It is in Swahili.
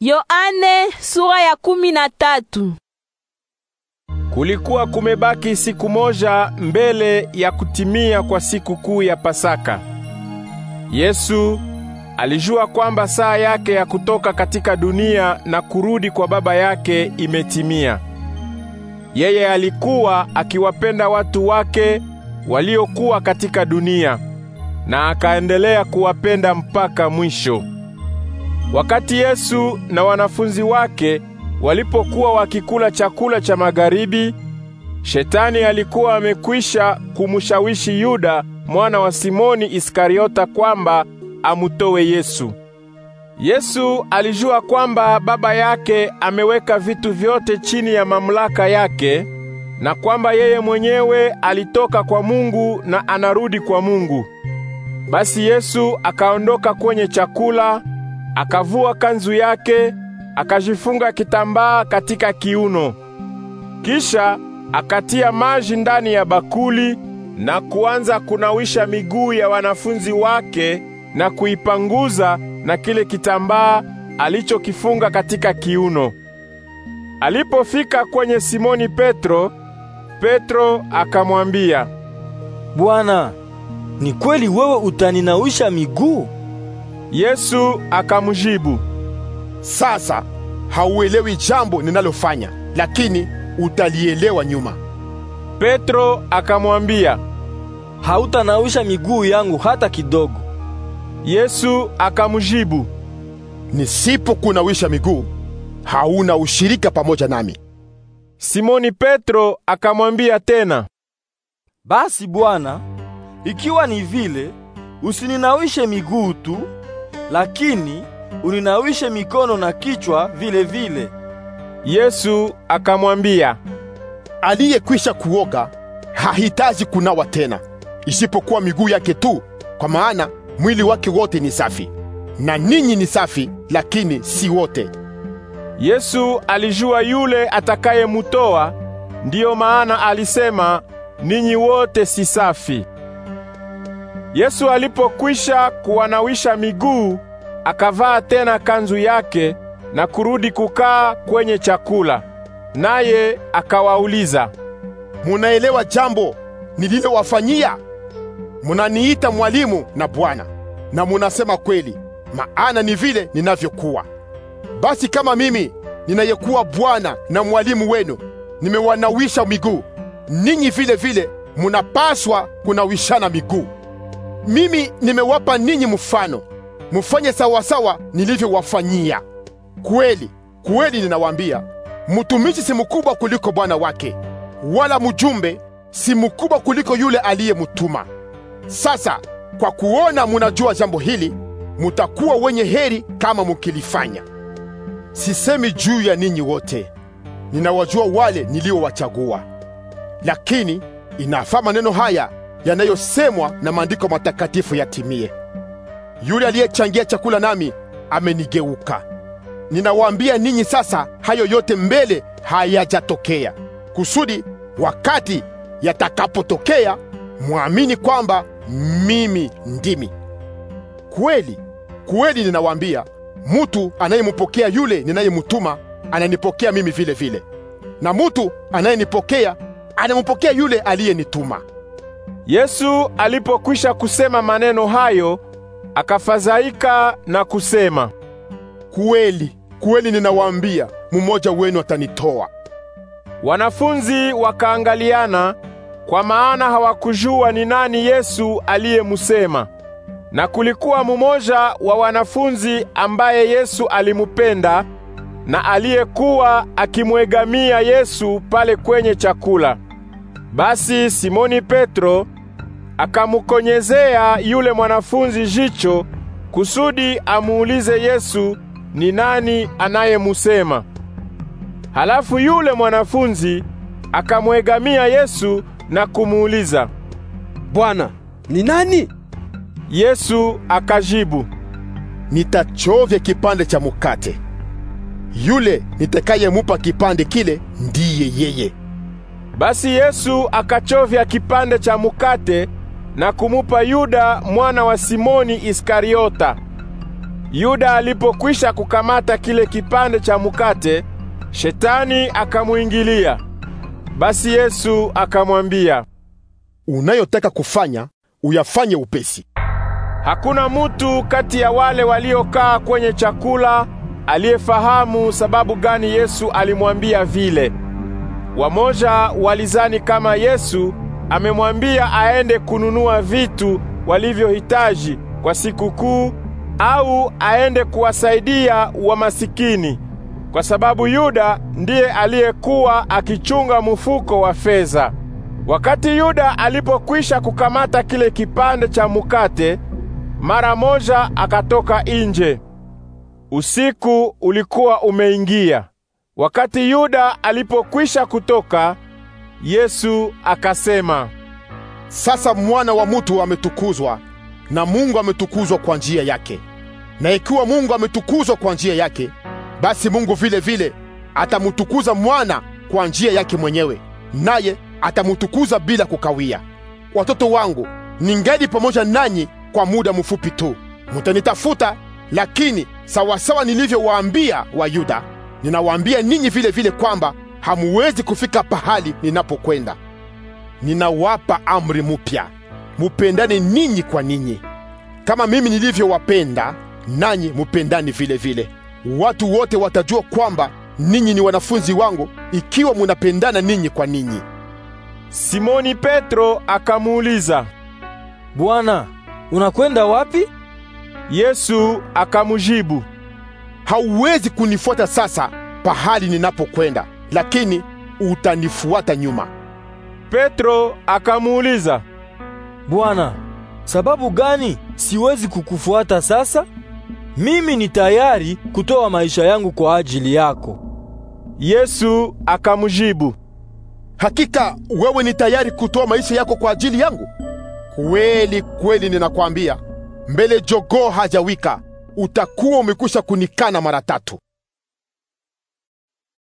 Yoane sura ya kumi na tatu. Kulikuwa kumebaki siku moja mbele ya kutimia kwa siku kuu ya Pasaka. Yesu alijua kwamba saa yake ya kutoka katika dunia na kurudi kwa Baba yake imetimia. Yeye alikuwa akiwapenda watu wake waliokuwa katika dunia na akaendelea kuwapenda mpaka mwisho. Wakati Yesu na wanafunzi wake walipokuwa wakikula chakula cha magharibi, Shetani alikuwa amekwisha kumshawishi Yuda mwana wa Simoni Iskariota kwamba amutowe Yesu. Yesu alijua kwamba Baba yake ameweka vitu vyote chini ya mamlaka yake na kwamba yeye mwenyewe alitoka kwa Mungu na anarudi kwa Mungu. Basi Yesu akaondoka kwenye chakula akavua kanzu yake, akajifunga kitambaa katika kiuno. Kisha akatia maji ndani ya bakuli na kuanza kunawisha miguu ya wanafunzi wake na kuipanguza na kile kitambaa alichokifunga katika kiuno. Alipofika kwenye Simoni Petro, Petro akamwambia, Bwana, ni kweli wewe utaninawisha miguu? Yesu akamjibu, sasa hauelewi jambo ninalofanya, lakini utalielewa nyuma. Petro akamwambia, hautanausha miguu yangu hata kidogo. Yesu akamjibu, nisipokunawisha miguu hauna ushirika pamoja nami. Simoni Petro akamwambia tena, basi Bwana, ikiwa ni vile, usininawishe miguu tu, lakini uninawishe mikono na kichwa vile vile. Yesu akamwambia, aliyekwisha kuoga hahitaji kunawa tena isipokuwa miguu yake tu, kwa maana mwili wake wote ni safi. Na ninyi ni safi, lakini si wote. Yesu alijua yule atakayemutoa, ndiyo maana alisema ninyi wote si safi. Yesu alipokwisha kuwanawisha miguu, akavaa tena kanzu yake na kurudi kukaa kwenye chakula. Naye akawauliza, munaelewa jambo nililowafanyia? Munaniita mwalimu na Bwana, na munasema kweli, maana ni vile ninavyokuwa. Basi kama mimi ninayekuwa Bwana na mwalimu wenu nimewanawisha miguu, ninyi vile vile munapaswa kunawishana miguu. Mimi nimewapa ninyi mfano, mfanye sawasawa nilivyowafanyia. Kweli kweli ninawaambia, mtumishi si mkubwa kuliko bwana wake, wala mjumbe si mkubwa kuliko yule aliyemtuma. Sasa kwa kuona munajua jambo hili, mutakuwa wenye heri kama mukilifanya. Sisemi juu ya ninyi wote, ninawajua wale niliowachagua, lakini inafaa maneno haya yanayosemwa na maandiko matakatifu yatimie. Yule aliyechangia chakula nami amenigeuka. Ninawaambia ninyi sasa hayo yote mbele hayajatokea, kusudi wakati yatakapotokea mwamini kwamba mimi ndimi. Kweli kweli ninawaambia, mutu anayemupokea yule ninayemutuma ananipokea mimi vile vile, na mutu anayenipokea anamupokea yule aliyenituma. Yesu alipokwisha kusema maneno hayo, akafadhaika na kusema, "Kweli, kweli ninawaambia, mmoja wenu atanitoa." Wanafunzi wakaangaliana kwa maana hawakujua ni nani Yesu aliyemsema. Na kulikuwa mmoja wa wanafunzi ambaye Yesu alimupenda na aliyekuwa akimwegamia Yesu pale kwenye chakula. Basi Simoni Petro akamukonyezea yule mwanafunzi jicho kusudi amuulize Yesu ni nani anayemusema. Halafu yule mwanafunzi akamwegamia Yesu na kumuuliza, Bwana, ni nani? Yesu akajibu, nitachovya kipande cha mukate. Yule nitakayemupa kipande kile ndiye yeye. Basi Yesu akachovya kipande cha mukate na kumupa Yuda mwana wa Simoni Iskariota. Yuda alipokwisha kukamata kile kipande cha mukate, Shetani akamuingilia. Basi Yesu akamwambia, unayotaka kufanya uyafanye upesi. Hakuna mutu kati ya wale waliokaa kwenye chakula aliyefahamu sababu gani Yesu alimwambia vile. Wamoja walizani kama Yesu amemwambia aende kununua vitu walivyohitaji kwa siku kuu au aende kuwasaidia wamasikini, kwa sababu Yuda ndiye aliyekuwa akichunga mfuko wa fedha. Wakati Yuda alipokwisha kukamata kile kipande cha mukate, mara moja akatoka nje. Usiku ulikuwa umeingia. Wakati Yuda alipokwisha kutoka, Yesu akasema, sasa mwana wa mutu ametukuzwa na Mungu ametukuzwa kwa njia yake. Na ikiwa Mungu ametukuzwa kwa njia yake, basi Mungu vile vile atamutukuza mwana kwa njia yake mwenyewe, naye atamutukuza bila kukawia. Watoto wangu, ningali pamoja nanyi kwa muda mfupi tu. Mutanitafuta, lakini sawasawa nilivyowaambia Wayuda ninawaambia ninyi vile vile kwamba hamuwezi kufika pahali ninapokwenda. Ninawapa amri mpya, mupendane ninyi kwa ninyi. Kama mimi nilivyowapenda, nanyi mupendani vile vile. Watu wote watajua kwamba ninyi ni wanafunzi wangu ikiwa munapendana ninyi kwa ninyi. Simoni Petro akamuuliza, Bwana, unakwenda wapi? Yesu akamujibu, hauwezi kunifuata sasa pahali ninapokwenda, lakini utanifuata nyuma. Petro akamuuliza, Bwana, sababu gani siwezi kukufuata sasa? Mimi ni tayari kutoa maisha yangu kwa ajili yako. Yesu akamjibu, Hakika wewe ni tayari kutoa maisha yako kwa ajili yangu? Kweli kweli ninakwambia, mbele jogoo hajawika utakuwa umekwisha kunikana mara tatu.